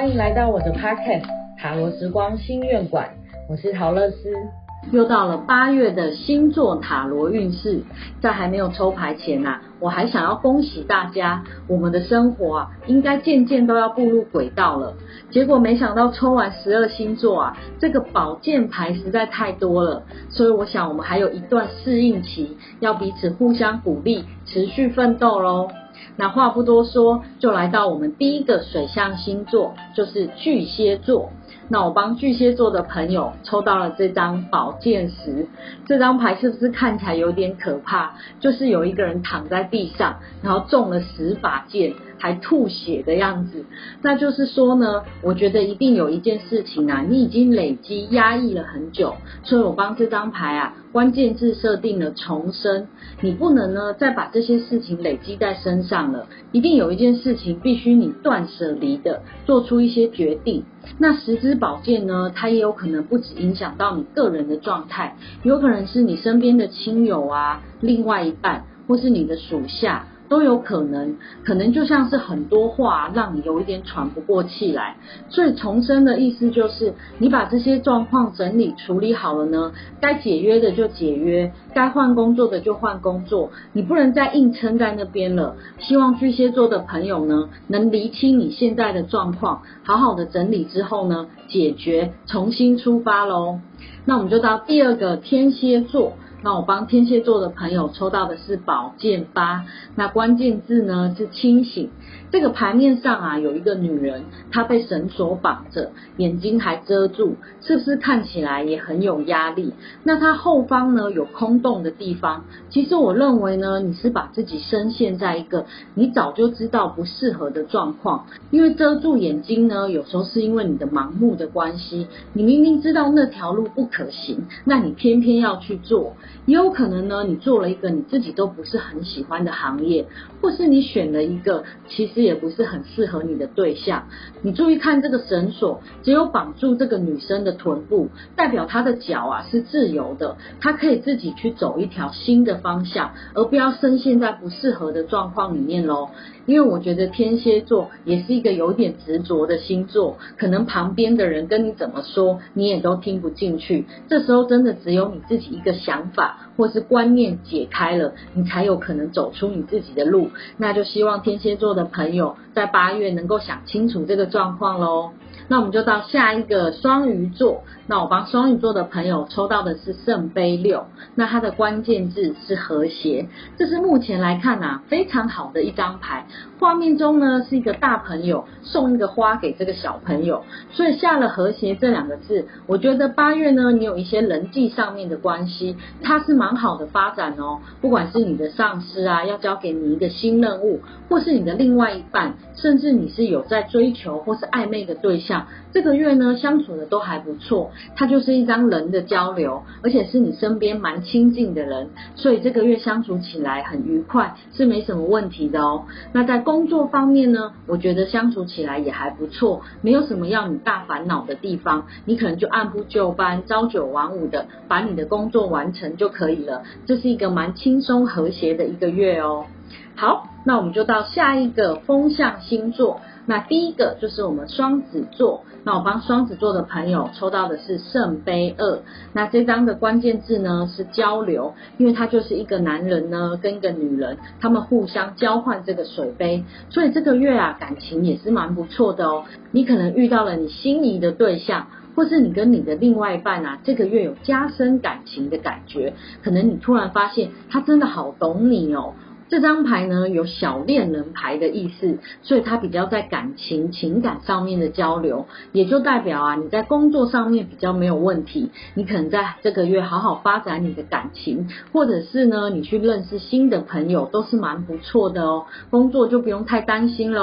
歡迎來到我的 podcast 塔羅食光心願館，我是桃樂絲。又到了八月的星座塔羅運勢，在還沒有抽牌前吶、啊，我還想要恭喜大家，我們的生活啊，應該漸漸都要步入軌道了。結果沒想到抽完十二星座啊，這個寶劍牌實在太多了，所以我想我們還有一段適應期，要彼此互相鼓勵，持續奮鬥嘍。那話不多說，就來到我們第一個水象星座，就是巨蟹座。那我幫巨蟹座的朋友抽到了這張寶劍十，這張牌是不是看起來有點可怕？就是有一個人躺在地上，然後中了十把劍。還吐血的樣子，那就是說呢，我覺得一定有一件事情啊，你已經累積壓抑了很久，所以我幫這張牌啊，關鍵字設定了重生，你不能呢再把這些事情累積在身上了，一定有一件事情必須你斷舍離的，做出一些決定。那十支寶劍呢，它也有可能不只影響到你個人的狀態，有可能是你身邊的親友啊，另外一半或是你的屬下。都有可能，可能就像是很多話啊，讓你有一點喘不過氣來。所以重生的意思就是，你把這些狀況整理處理好了呢，該解約的就解約，該換工作的就換工作，你不能再硬撐在那邊了。希望巨蟹座的朋友呢，能釐清你現在的狀況，好好的整理之後呢，解決，重新出發嘍。那我們就到第二個天蠍座。那我幫天蠍座的朋友抽到的是寶劍八，那關鍵字呢是清醒。這個牌面上啊有一個女人，她被繩索綁着，眼睛還遮住，是不是看起來也很有壓力？那她後方呢有空洞的地方，其實我認為呢，你是把自己深陷在一個你早就知道不適合的狀況。因為遮住眼睛呢，有時候是因為你的盲目的關係，你明明知道那條路不可行，那你偏偏要去做。也有可能呢，你做了一個你自己都不是很喜歡的行業，或是你選了一個其實也不是很適合你的對象。你注意看這個繩索，只有綁住這個女生的臀部，代表她的腳啊是自由的，她可以自己去走一條新的方向，而不要深陷，陷在不適合的狀況裡面嘍。因為我覺得天蠍座也是一個有點執着的星座，可能旁邊的人跟你怎麼說，你也都聽不進去。這時候真的只有你自己一個想法或是觀念解開了，你才有可能走出你自己的路。那就希望天蠍座的朋友在八月能夠想清楚這個狀況囉。那我們就到下一個雙魚座，那我幫雙魚座的朋友抽到的是聖杯六，那它的關鍵字是和諧，這是目前來看啊，非常好的一張牌。畫面中呢是一個大朋友送一個花給這個小朋友，所以下了和諧這兩個字，我覺得八月呢，你有一些人際上面的關係，它是蠻好的發展哦。不管是你的上司啊要交給你一個新任務，或是你的另外一半，甚至你是有在追求或是曖昧的對象，這個月呢，相處的都還不錯，它就是一張人的交流，而且是你身邊蠻親近的人，所以這個月相處起來很愉快，是沒什麼問題的哦。那在工作方面呢，我覺得相處起來也還不錯，沒有什麼要你大煩惱的地方，你可能就按部就班，朝九晚五的把你的工作完成就可以了，這是一個蠻輕鬆和諧的一個月哦。好，那我們就到下一個風象星座。那第一個就是我們雙子座，那我幫雙子座的朋友抽到的是聖杯二，那這張的關鍵字呢是交流，因為他就是一個男人呢跟一個女人，他們互相交換這個水杯，所以這個月啊感情也是蠻不錯的哦。你可能遇到了你心儀的對象，或是你跟你的另外一半啊這個月有加深感情的感覺，可能你突然發現他真的好懂你哦。這張牌呢有小戀人牌的意思，所以它比較在感情、情感上面的交流，也就代表啊你在工作上面比較沒有問題，你可能在這個月好好發展你的感情，或者是呢你去認識新的朋友都是蠻不錯的哦，工作就不用太擔心嘍。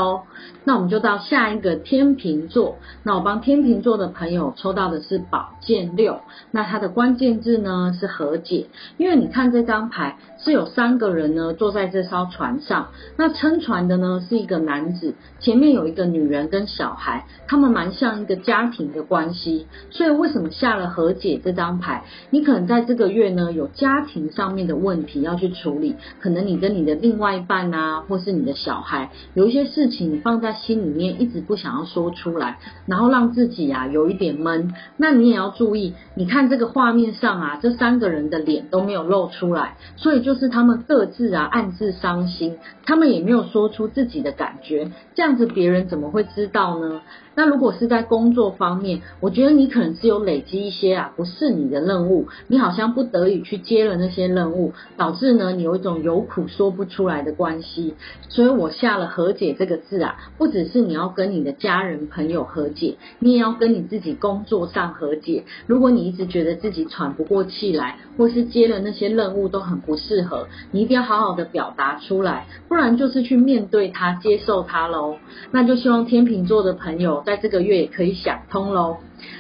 那我們就到下一個天秤座，那我幫天秤座的朋友抽到的是寶劍六，那它的關鍵字呢是和解，因為你看這張牌是有三個人呢坐在這。這艘船上，那撐船的呢是一個男子，前面有一個女人跟小孩，他們蠻像一個家庭的關係。所以為什麼下了和解這張牌？你可能在這個月呢有家庭上面的問題要去處理，可能你跟你的另外一半啊，或是你的小孩，有一些事情你放在心裡面，一直不想要說出來，然後讓自己啊有一點悶。那你也要注意，你看這個畫面上啊，這三個人的臉都沒有露出來，所以就是他們各自啊暗自。傷心，他們也沒有說出自己的感覺，這樣子別人怎麼會知道呢？那如果是在工作方面，我覺得你可能是有累積一些啊，不是你的任務，你好像不得已去接了那些任務，導致呢你有一種有苦說不出來的關係。所以我下了和解這個字啊，不只是你要跟你的家人朋友和解，你也要跟你自己工作上和解。如果你一直覺得自己喘不過氣來，或是接了那些任務都很不適合，你一定要好好的表。表達出來，不然就是去面對他，接受他嘍。那就希望天秤座的朋友在這個月也可以想通嘍。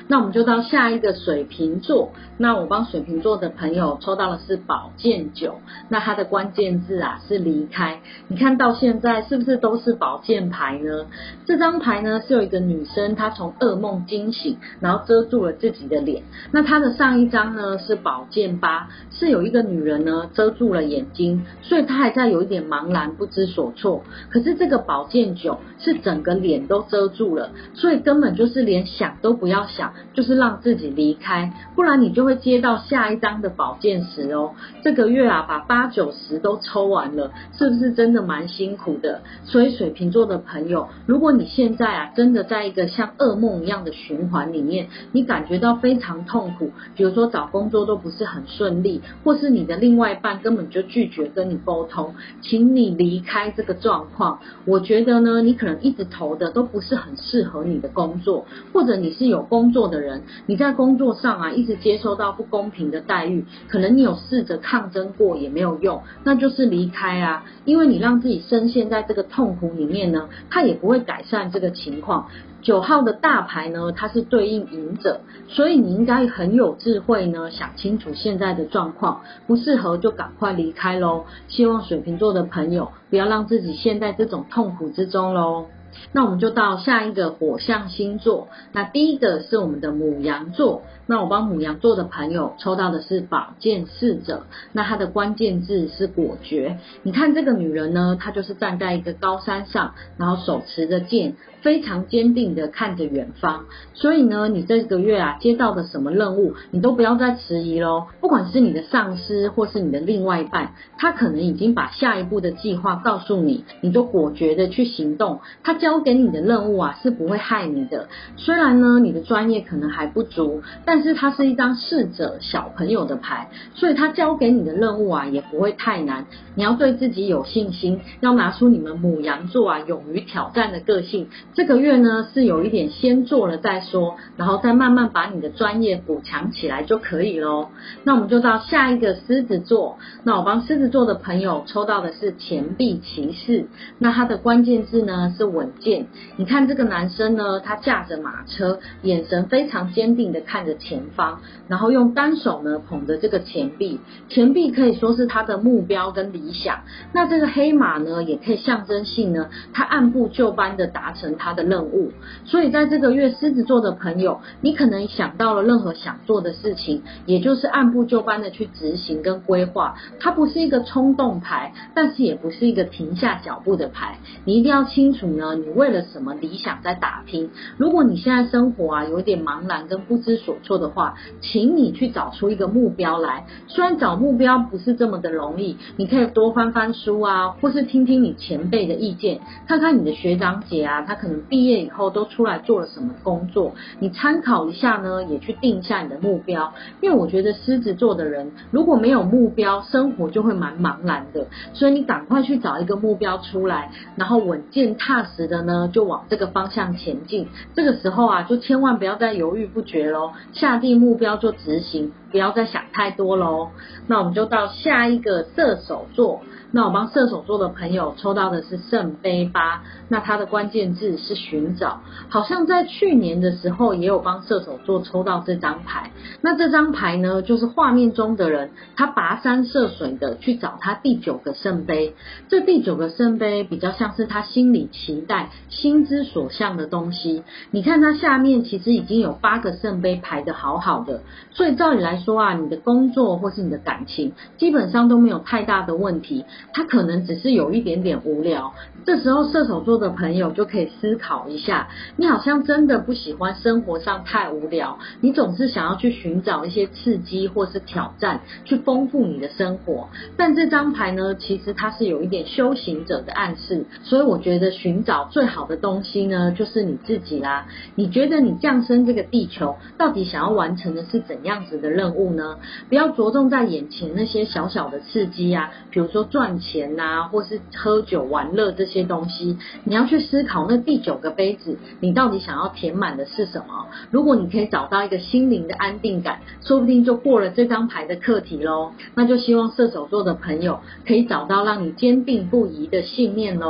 那我們就到下一個水瓶座。那我幫水瓶座的朋友抽到的是寶劍九，那它的關鍵字啊是離開。你看到現在是不是都是寶劍牌呢？這張牌呢，是有一個女生她從噩夢驚醒，然後遮住了自己的臉。那她的上一張呢是寶劍八，是有一個女人呢遮住了眼睛，所以她還在有一點茫然不知所措。可是這個寶劍九是整個臉都遮住了，所以根本就是連想都不要，想就是讓自己離開，不然你就會接到下一張的寶劍十哦。這個月啊，把八九十都抽完了,是不是真的蠻辛苦的？所以水瓶座的朋友，如果你現在啊真的在一個像噩夢一樣的循環裡面，你感覺到非常痛苦，比如說找工作都不是很順利，或是你的另外一半根本就拒絕跟你溝通，請你離開這個狀況。我覺得呢，你可能一直投的都不是很適合你的工作，或者你是有工。工作的人，你在工作上啊，一直接受到不公平的待遇，可能你有試着抗爭過也沒有用，那就是離開啊，因為你讓自己深陷在這個痛苦裡面呢，它也不會改善這個情況。九號的大牌呢，它是對應隱者，所以你應該很有智慧呢，想清楚現在的狀況，不適合就趕快離開嘍。希望水瓶座的朋友不要讓自己陷在這種痛苦之中嘍。那我們就到下一個火象星座，那第一個是我們的牡羊座，那我幫牡羊座的朋友抽到的是寶劍侍者，那它的關鍵字是果決。你看這個女人呢，她就是站在一個高山上，然後手持着劍。非常堅定的看着遠方，所以呢，你這個月啊接到的什麼任務，你都不要再遲疑嘍。不管是你的上司或是你的另外一半，他可能已經把下一步的計劃告訴你，你都果決的去行動。他交給你的任務啊是不會害你的，雖然呢你的專業可能還不足，但是它是一張侍者小朋友的牌，所以他交給你的任務啊也不會太難。你要對自己有信心，要拿出你們牡羊座啊勇於挑戰的個性。這個月呢是有一點先做了再說，然後再慢慢把你的專業補強起來就可以咯。那我們就到下一個獅子座，那我幫獅子座的朋友抽到的是錢幣騎士，那他的關鍵字呢是穩健。你看這個男生呢，他駕着馬車，眼神非常堅定的看着前方，然後用單手呢捧着這個錢幣，錢幣可以說是他的目標跟理想。那這個黑馬呢，也可以象徵性呢，他按部就班的達成他。他的任務，所以在這個月，獅子座的朋友，你可能想到了任何想做的事情，也就是按部就班的去執行跟規劃。它不是一個衝動牌，但是也不是一個停下腳步的牌。你一定要清楚呢，你為了什麼理想在打拼。如果你現在生活啊有點茫然跟不知所措的話，請你去找出一個目標來。雖然找目標不是這麼的容易，你可以多翻翻書啊，或是聽聽你前輩的意見，看看你的學長姐啊，他可能。畢業以後都出來做了什麼工作？你參考一下呢，也去定一下你的目標。因為我覺得獅子座的人如果沒有目標，生活就會蠻茫然的。所以你趕快去找一個目標出來，然後穩健踏實的呢，就往這個方向前進。這個時候啊，就千萬不要再猶豫不決咯，下定目標做執行。不要再想太多嘍，那我們就到下一個射手座。那我幫射手座的朋友抽到的是聖杯八，那它的關鍵字是尋找。好像在去年的時候也有幫射手座抽到這張牌。那這張牌呢，就是畫面中的人，他跋山涉水的去找他第九個聖杯。這第九個聖杯比較像是他心裡期待、心之所向的東西。你看他下面其實已經有八個聖杯排得好好的，所以照理來說啊，你的工作或是你的感情，基本上都沒有太大的問題。它可能只是有一點點無聊。這時候射手座的朋友就可以思考一下，你好像真的不喜歡生活上太無聊，你總是想要去尋找一些刺激或是挑戰，去豐富你的生活。但這張牌呢，其實它是有一點修行者的暗示，所以我覺得尋找最好的東西呢，就是你自己啦、啊。你覺得你降生這個地球，到底想要完成的是怎樣子的任務？物呢，不要着重在眼前那些小小的刺激啊，比如說賺錢啊，或是喝酒玩樂這些東西，你要去思考那第九個杯子，你到底想要填滿的是什麼？如果你可以找到一個心靈的安定感，說不定就過了這張牌的課題嘍。那就希望射手座的朋友可以找到讓你堅定不移的信念嘍。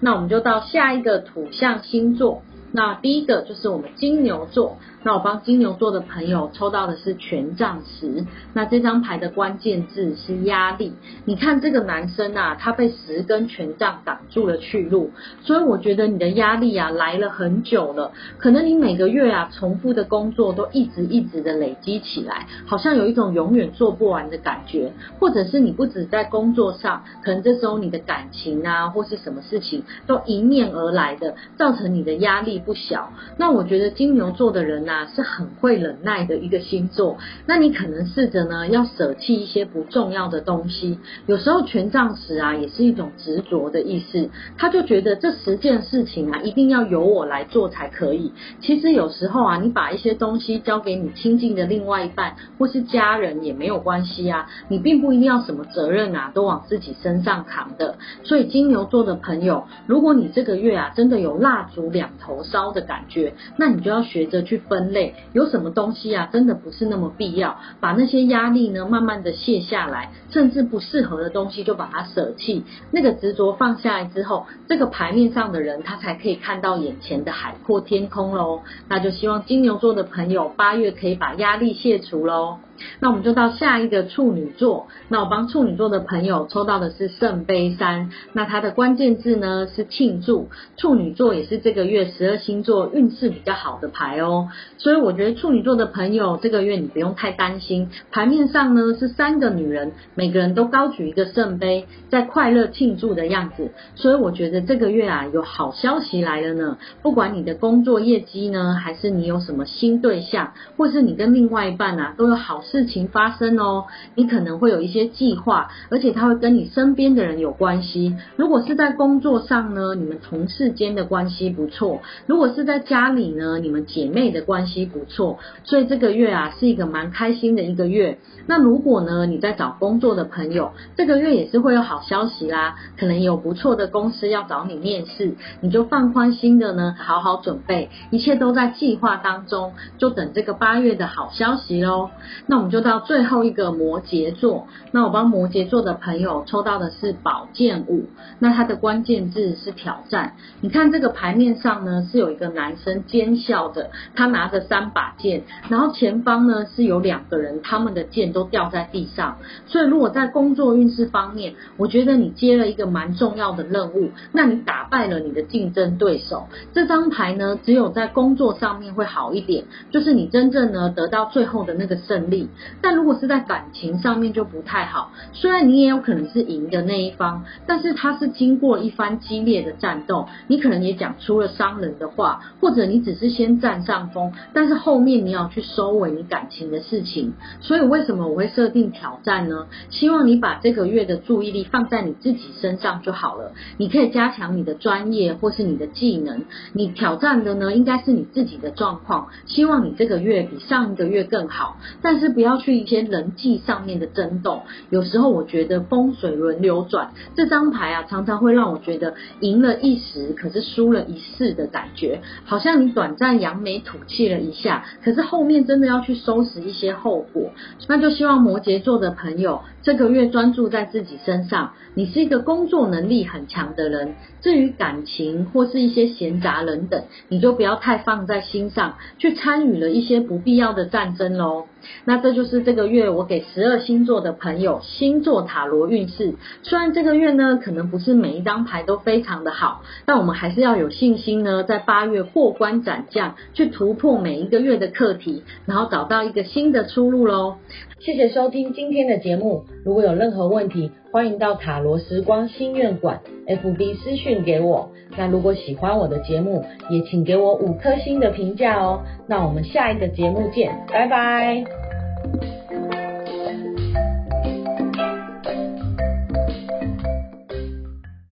那我們就到下一個土象星座，那第一個就是我們金牛座。那我幫金牛座的朋友抽到的是權杖十，那這張牌的關鍵字是壓力。你看這個男生啊，他被十根權杖擋住了去路，所以我覺得你的壓力啊，來了很久了。可能你每個月啊重複的工作都一直一直的累積起來，好像有一種永遠做不完的感覺。或者是你不只在工作上，可能這時候你的感情啊或是什麼事情都迎面而來的，造成你的壓力不小。那我覺得金牛座的人啊。是很會忍耐的一個星座，那你可能試着呢，要捨棄一些不重要的東西。有時候權杖十啊，也是一種執着的意思，他就覺得這十件事情啊，一定要由我來做才可以。其實有時候啊，你把一些東西交給你親近的另外一半或是家人也沒有關係啊，你並不一定要什麼責任啊，都往自己身上扛的。所以金牛座的朋友，如果你這個月啊，真的有蠟燭兩頭燒的感覺，那你就要學着去分。累有什麼東西啊？真的不是那麼必要，把那些壓力呢，慢慢的卸下來，甚至不適合的東西就把它捨棄。那個執着放下來之後，這個牌面上的人，他才可以看到眼前的海闊天空嘍。那就希望金牛座的朋友八月可以把壓力卸除嘍。那我們就到下一個處女座，那我幫處女座的朋友抽到的是聖杯三，那它的關鍵字呢，是慶祝。處女座也是這個月十二星座運勢比較好的牌哦。所以我覺得處女座的朋友，這個月你不用太擔心。牌面上呢是三個女人，每個人都高舉一個聖杯，在快樂慶祝的樣子。所以我覺得這個月啊有好消息來了呢。不管你的工作業績呢，還是你有什麼新對象，或是你跟另外一半啊，都有好事情發生哦。你可能會有一些計劃，而且它會跟你身邊的人有關係。如果是在工作上呢，你們同事間的關係不錯；如果是在家裡呢，你們姐妹的關係。息不錯，所以這個月啊是一個蠻開心的一個月。那如果呢你在找工作的朋友，這個月也是會有好消息啦、啊，可能有不錯的公司要找你面試，你就放寬心的呢，好好準備，一切都在計劃當中，就等這個八月的好消息嘍。那我們就到最後一個摩羯座，那我幫摩羯座的朋友抽到的是寶劍五，那它的關鍵字是挑戰。你看這個牌面上呢是有一個男生奸笑的，他拿着。三把劍，然後前方呢是有兩個人，他們的劍都掉在地上。所以如果在工作運勢方面，我覺得你接了一個蠻重要的任務，那你打敗了你的競爭對手。這張牌呢，只有在工作上面會好一點，就是你真正呢得到最後的那個勝利。但如果是在感情上面就不太好，雖然你也有可能是贏的那一方，但是他是經過一番激烈的戰鬥，你可能也講出了傷人的話，或者你只是先佔上風。但是後面你要去收尾你感情的事情，所以為什麼我會設定挑戰呢？希望你把這個月的注意力放在你自己身上就好了。你可以加強你的專業或是你的技能。你挑戰的呢，應該是你自己的狀況。希望你這個月比上一個月更好，但是不要去一些人際上面的爭鬥。有時候我覺得風水輪流轉這張牌啊，常常會讓我覺得贏了一時，可是輸了一世的感覺，好像你短暫揚眉吐氣了。一下，可是後面真的要去收拾一些後果，那就希望摩羯座的朋友這個月專注在自己身上。你是一個工作能力很強的人，至於感情或是一些閒雜人等，你就不要太放在心上，去參與了一些不必要的戰爭嘍。那這就是這個月我給十二星座的朋友星座塔羅運勢。雖然這個月呢，可能不是每一張牌都非常的好，但我們還是要有信心呢，在八月過關斬將，去突破每一個月的課題，然後找到一個新的出路嘍。謝謝收聽今天的節目，如果有任何問題，歡迎到塔羅食光心願館 FB 私訊給我。那如果喜歡我的節目，也請給我五顆星的評價哦。那我們下一個節目見，拜拜。